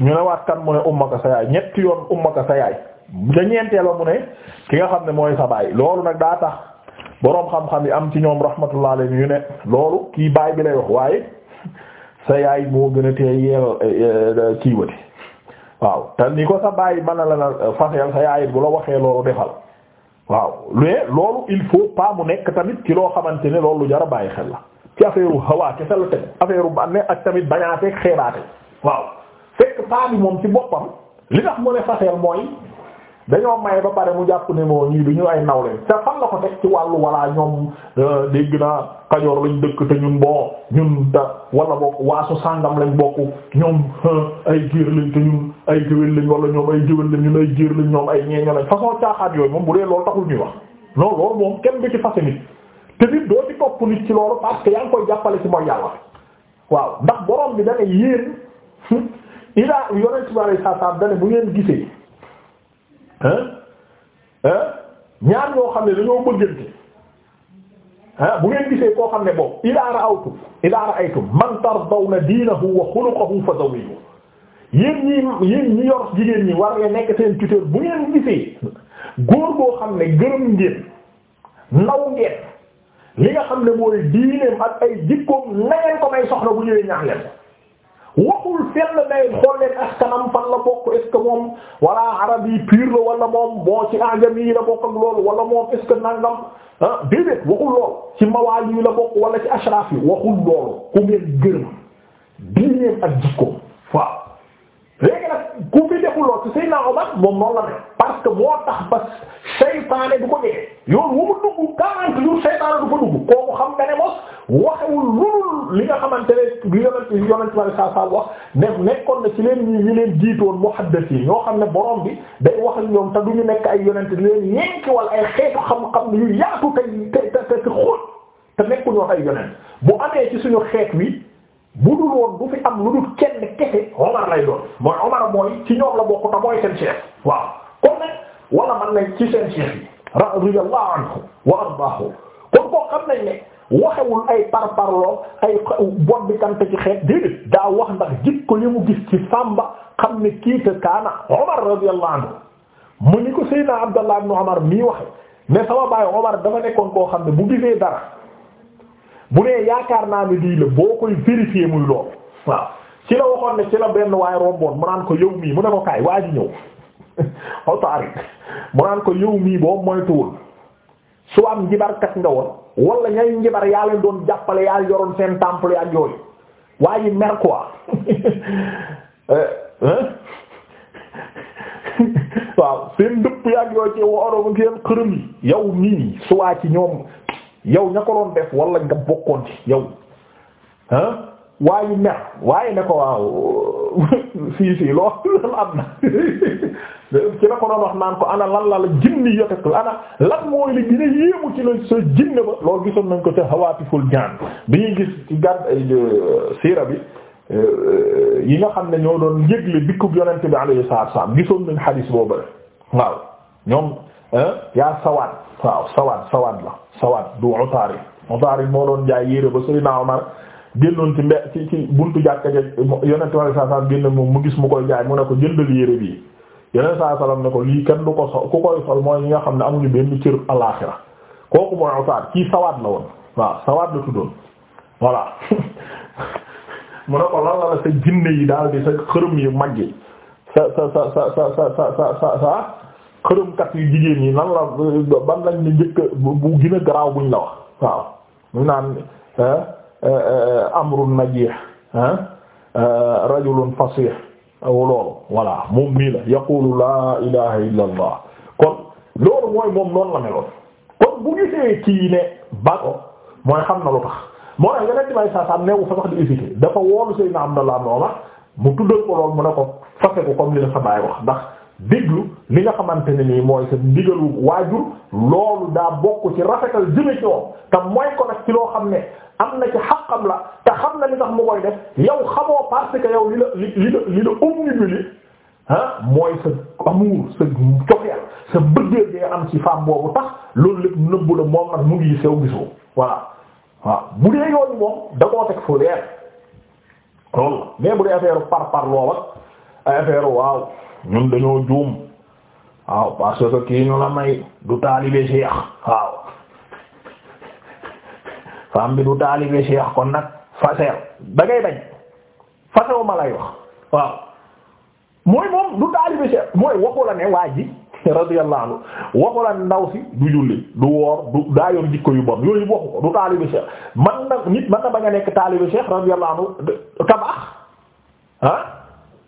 ñu ne waat kan mu ne uma ummaka sa yaay ñetti yoon ummaka sa yaay da ñeenteel mu ne ki nga xam ne mooy sa baay loolu nag daa tax boroom xam-xam yi am ci ñoom rahmatullah alayhi yu ne loolu kii baay bi lay wax waaye [laughs] sa yaay gën a tee yeel eh, eh, kii wati waaw te ni ko sa baay mën na la na eh, faseel sa yaay bu la waxee loolu defal waaw mais loolu il faut pas mu nekk tamit ci loo xamante ne loolu jara bàyyi xel la ci affaire u hawaa kese la teg affaire u banne ak tamit bañaate xeebaate waaw fekk paa moom ci boppam li tax mu ne faseel mooy dañoo may ba pare mu jàpp ne moo ñii du ñu ay nawle te fan la ko teg ci wàllu walla ñoom euh, dégg naa Kajoor lañ dëkk te ñun bon ñun da wala bokk waasu sàngam lañ bokk ñoom ay géer lañ te ñun ay géwél lañ wala ñoom ay géwél lañ ñun ay géer lañ ñoom ay ñeeño lañ façon caaxaat yooyu moom bu dee loolu taxul ñuy wax non loolu moom kenn du ci fase nit te nit doo ci topp nit ci loolu parce yaa ngi koy jàppale ci mooy yàlla waaw ndax borom bi da nga yéen [laughs] ida yonent bi sallallahu bu ngeen gisee ñaar ñoo xam ne dañoo bëggante ah bu ngeen gisee koo xam ne boobu idaara awtu idaara aytum man tardawna diinahu wa xuluqahu fa zawiju yéen ñi yéen ñi yor jigéen ñi war nga nekk seen tuteur bu ngeen gisee góor boo xam ne gërëm ngeen naw ngeen li nga xam ne mooy diineem ak ay jikkoom na ngeen ko may soxla bu ñëwee ñaax leen waxul fenn day xool leen askanam fan la bokk est ce moom wala arab yi pur wala moom boo ci ajam yi la bokk ak loolu wala moom est ce que nangam ah déedéet ci mawaal yi la bokk wala ci ashraf yi waxul loolu ku ngeen gërëm diineem ak jikkoom waaw. léegi nag ku fi deful lool ci Seydina Omar moom noonu la ne parce que moo tax ba seytaane du ko jege yoon wu mu dugg quarante jours seytaane du ko dugg kooku xam nga ne mos. waxewul lulul li nga xamante ne li yonent li yonent bari saa saa wax ne na ci leen ñi ñi leen jiitoon muhaddis yi ñoo xam ne borom bi day wax ak ñoom te du ñu nekk ay yonent leen yenki wala ay xeetu xam-xam yu yaatu tey te te te xóot te nekkuñu wax ay yonent bu amee ci suñu xeet wi bu dul woon bu fi am lu dul kenn kese Omar lay doon mooy Omar mooy ci la bokk te mooy seen chef waaw kon nag wala man nañ ci seen chef yi radiyallahu anhu wa ardaahu kon koo xam nañ ne waxewul ay par parloo ay boddikante ci xeet déedéet daa wax ndax ko li mu gis ci sàmba xam ne kiita kaana Omar radiyallahu anhu mu ni ko Seydina Abdallah ibn Omar mii waxe mais sama baay Omar dafa nekkoon koo xam ne bu gisee dara bu nee yaakaar naa ne lii la boo koy vérifier muy lool waaw ci la waxoon ne ci la benn waaye romboon mu naan ko yow mii mu ne ko kaay waa ji ñëw [laughs] otaari mu naan ko yow mii boobu moytuwul su am jibarkat nga woon wala ñay njibar yaa leen doon jàppale yaa yoroon seen temple ak yooyu waaye mer quoi [laughs] eh, [laughs] waaw seen dëpp yaa yooyu ci woro seen xërëm yi yow nii suwaa ci ñoom yow ña def wala nga bokkoon ci yow ah waaye waaye ne ko waaw fii fii loolu am na [laughs] ci la ko doon wax naan ko ana lan la la jinni yotek ana lan mooy la gën yéemu ci la sa jinne ba loolu gisoon nañ ko ca hawaatiful jaan bi ñuy gis ci gàdd euh, siira bi euh, yi nga xam ne ñoo doon yëgle dikkub yonente bi alayhi salaatu wasallam gisoon nañ xadiis boobu rek waaw ñoom yaa sawaat waaw sawaat sawaat la sawaat du utaari utaari moo doon jaay yére ba Seydina Omar génnoon ci mbe ci ci buntu jàkka ja yonent sallallahu alayhi wasallam génn mu gis mu koy jaay mu ne ko jëndal yére bi yonent sallallahu alayhi wasallam ne ko lii kenn du ko sol ku koy sol mooy ñi nga xam ne amuñu benn cër alaaxira kooku mooy otaat kii sawaat la woon waaw sawaat la tuddoon voilà mu ne ko lan la la sa jinne yi daal di sa xërëm yu mag yi sa sa sa sa sa sa sa sa sa xërëmkat yu jigéen yi nan la ban lañ ni njëkk bu gën a garaaw buñ la wax waaw ñu naan Eh, eh, amrun najih ah, eh, rajulun fasih aw loolu voilà moom mii la yaqulu laa ilaha illa kon loolu mooy moom noonu la meloon kon bu gisee kii ne bago mooy xam na lu tax moo tax yeneen i may sàssaan neewu fa sax di hésité dafa woolu mu tuddal ko lool mu ne ko fase ko comme li la sa baay wax ndax déglu li nga xamante ne nii mooy sa ndigalu waajur loolu daa bokk ci rafetal jëme ci woon te mooy ko nag ci xam ne am na ci xaqam la te xam na li tax mu koy def yow xamoo parce que yow li la li la li la omnibulé ah mooy sa amour sa cofeel sa bëggee day am ci femme boobu tax loolu lépp nëbbu la moom nag mu ngi sew gisoo waaw bu dee yoon moom da koo teg foo leer loolu la bu dee affaire par par loo wax waaw ñun dañoo juum waaw parce que kii ñu la may du taalibe Cheikh waaw. femme bi du taalibe cheikh kon nag faseer da ngay bañ ma lay wax waaw mooy moom du taalibe cheikh mooy waxu ne waa ji [laughs] radiyallahu anhu waxu ndaw si du julli du woor du daa yor jikko yu bon yooyu waxu ko du taalibe cheikh man na nit man na ba nga nekk taalibe cheikh radiyallahu anhu kabaax ah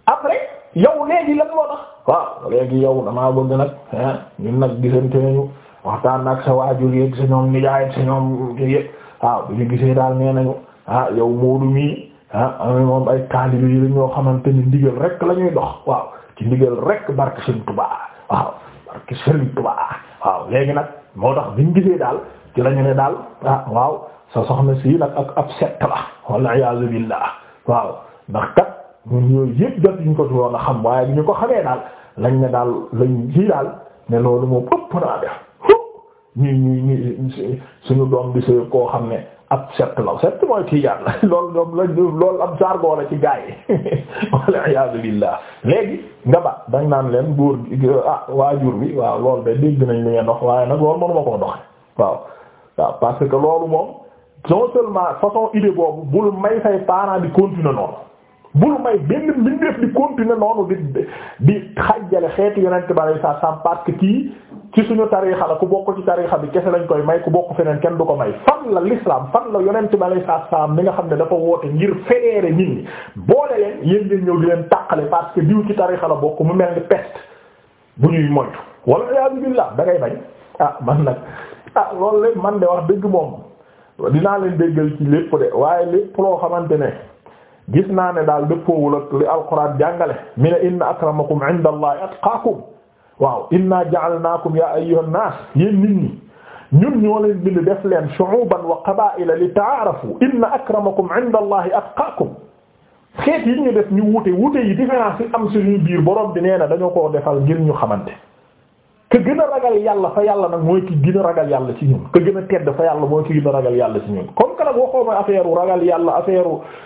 après yow léegi lan moo tax léegi yow damaa bëgg nag ah ñun nag gisante nañu waxtaan nag sa waajur yeeg sa ñoom nijaay sa ñoom yëpp waaw ah bi ñu gisee daal nee nañu ah yow Moodu mii ah moom ay taalibe yi la ñoo xamante ni ndigal rek la ñuy dox waaw ci ndigal rek barke Sëriñ Tuubaa waaw barke Sëriñ Tuubaa waaw léegi nag moo tax bi ñu gisee daal ci la ne daal ah waaw sa soxna sii nag ak ab sett la walla iyaazu billaah waaw ndax kat ñun yooyu yëpp jot ñu ko ci woon a xam waaye bi ñu ko xamee daal lañ ne daal lañ ji daal ne loolu moom ëpp naa def ñu ñu ñu suñu doom bi see koo xam ne ab sett la set mooy tiijaan la [laughs] loolu doom la loolu ab jargon la ci gaa yi [laughs] walla iyaadu billaah léegi nga ba dañ naan leen buur ah waajur bi waaw loolu de dégg nañ li ngeen dox waaye nag loolu mënuma koo doxe waaw waaw parce que loolu moom non seulement façon idée boobu bul may say parents di continuer noonu bul may benn mbindeef di continuer noonu di di xajjale xeetu yonent bi alayhi salaam parce que kii ci suñu tariixa la ku bokk ci tariixa bi kese lañ koy may ku bokk feneen kenn du ko may fan la l'islam fan la yonent bi alayhi salaam mi nga xam ne dafa woote ngir fédérer nit ñi boole leen yéen ngeen ñëw di leen tàqale parce diw ci tariixa la bokk mu mel ni peste bu ñuy moytu wala alhamdulilah da ngay bañ ah man nag ah loolu lépp man de wax dëgg moom dinaa leen déggal ci waaye lépp loo xamante ne. gis naa ne daal dëppoowul ak li alquran jàngale mi ne inna akramakum inda allahi atqaakum waaw inna ja'alnaakum ya ayyuhan naas yéen nit ñi ñun ñoo leen bind def leen shu'uban wa qabaa'ila li ta'aarafu inna akramakum inda allahi atqaakum xeet yi ñu def ñu wute wute yi différence yi am suñu biir borom bi nee na dañoo koo defal ngir ñu xamante ka na ragal yàlla fa yàlla nag mooy ki gën a ragal yàlla ci ñun ka gën tedd fa yàlla mooy ki gën ragal yàlla ci ñun comme que nag waxoo ma affaire ragal yàlla affaire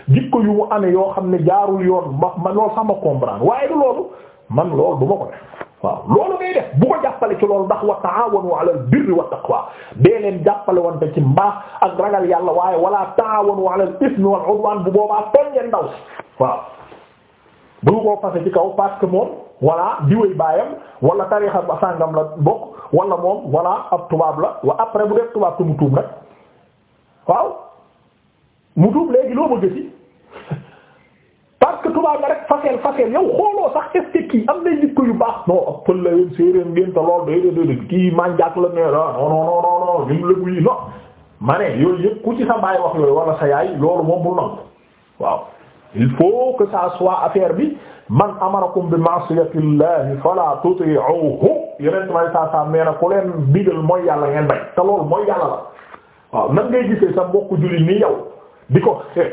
jikko yu mu amee yoo xam ne jaarul yoon ma ma loolu sax ma comprendre waaye du loolu man loolu du ma ko def waaw loolu ngay def bu ko jàppale ci loolu ndax wa ta'awanu ala al birri wa taqwa dee leen jàppale wante ci mbaax ak ragal yàlla waaye wala ta'awanu ala al ismi wal udwan bu boobaa toll ngeen ndaw si waaw bu ko voilà diwéy baayam wala tarixa ba sàngam la bokk wala moom voilà ab tubaab la wa après bu def tubaab te mu tuub nag waaw mu tuub léegi loo bëgg ci parce que tubaab la rek faseel faseel yow xooloo sax est-ce que kii am nañ jikko yu baax non pël la yéen séeréer lool day day day kii manjaak la ne ah non il faut que ça soit affaire bi man amarakum bi ma'siyatillahi fala tuti'uhu yeneen may saa saa mee ku leen digal mooy yàlla ngeen bay te loolu mooy yàlla la waaw nan ngay gisee sa mbokku jullit ni yow di ko xeet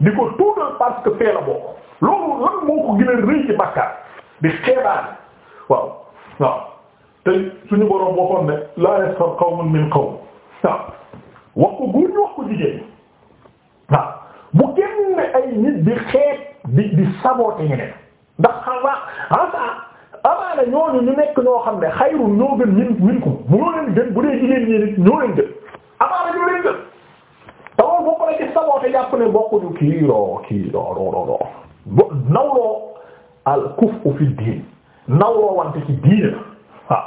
di ko tuutal parce que fee la bokk loolu lan moo ko gën rëy ci bakkaar di xeebaan waaw waaw te suñu boroom waxoon ne la yasxar qawmun min qawm wax ko góor ñu wax ko jigéen bu génn ay nit di xeet di di saboter ñeneen ndax xanaa xanaa amaana ñooñu ñu nekk ñoo xam ne xayru ñoo gën min min ko gën bu dee jigéen ñi ñoo leen gën amaana ñoo leen gën te loolu boo ko la ci saboter jàpp ne bokkuñu kii doo nawloo al kufu fi diin nawloo wante ci diine la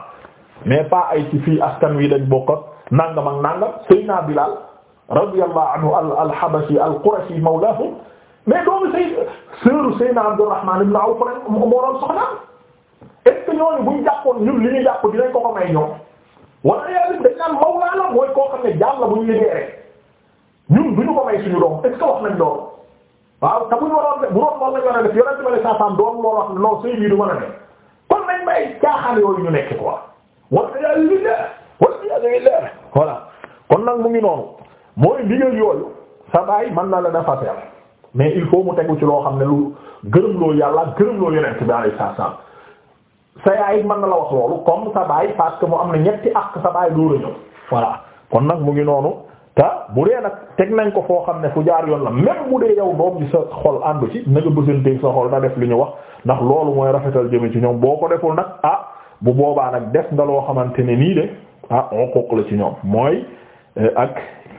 mais pas ay ci fii askan wi dañ bokk nangam ak nangam Seydina Bilal. radiyallahu anhu al al habashi al qurashi mawlaahu mais doomu say seeru Seydina Abdurrahman ibn Awf moo doon soxnaam est ce que ñooñu bu ñu jàppoon ñun li ñu jàpp dinañ ko ko may ñoom wala yàlla dañ naan mawlaa la mooy koo ne jaam la bu ñu libéré ñun du ñu ko may suñu doom est ce que wax nañ loolu ñu waroon war a def yonent bi saa saam doom moo wax non sëy bii du mën a ne kon nañ may caaxaan yooyu ñu nekk quoi wala yàlla li leer wala li leer voilà kon nag mu ngi noonu. mooy ndigal yooyu sa baay mën na la dafa teel mais il faut mu tegu ci loo xam ne lu gërëm loo yàlla gërëm loo yonent bi alayhi salaam sa yaay mën na la wax loolu comme sa baay parce que mu am na ñetti ak sa baay dóor ñëw voilà kon nag mu ngi noonu te bu dee nag teg nañ ko foo xam ne fu jaar yoon la même bu dee yow doom sa xol àndu ci na nga bësanteeg sa xol na def li ñu wax ndax loolu mooy rafetal jëme ci ñoom boo ko deful nag ah bu boobaa nag def nga loo xamante ne nii ah, la ci ñoom mooy eh,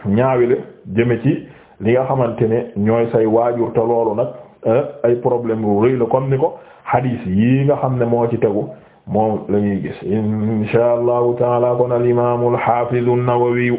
ñaawile jëme ci li nga xamante ne ñooy say waajur te loolu nag eh, ay problème yu rëy la comme ni ko xadiis yi nga xam ne moo ci tegu moom la ñuy gis insha allahu taala kon al imaamul xaafizu an-Nawawi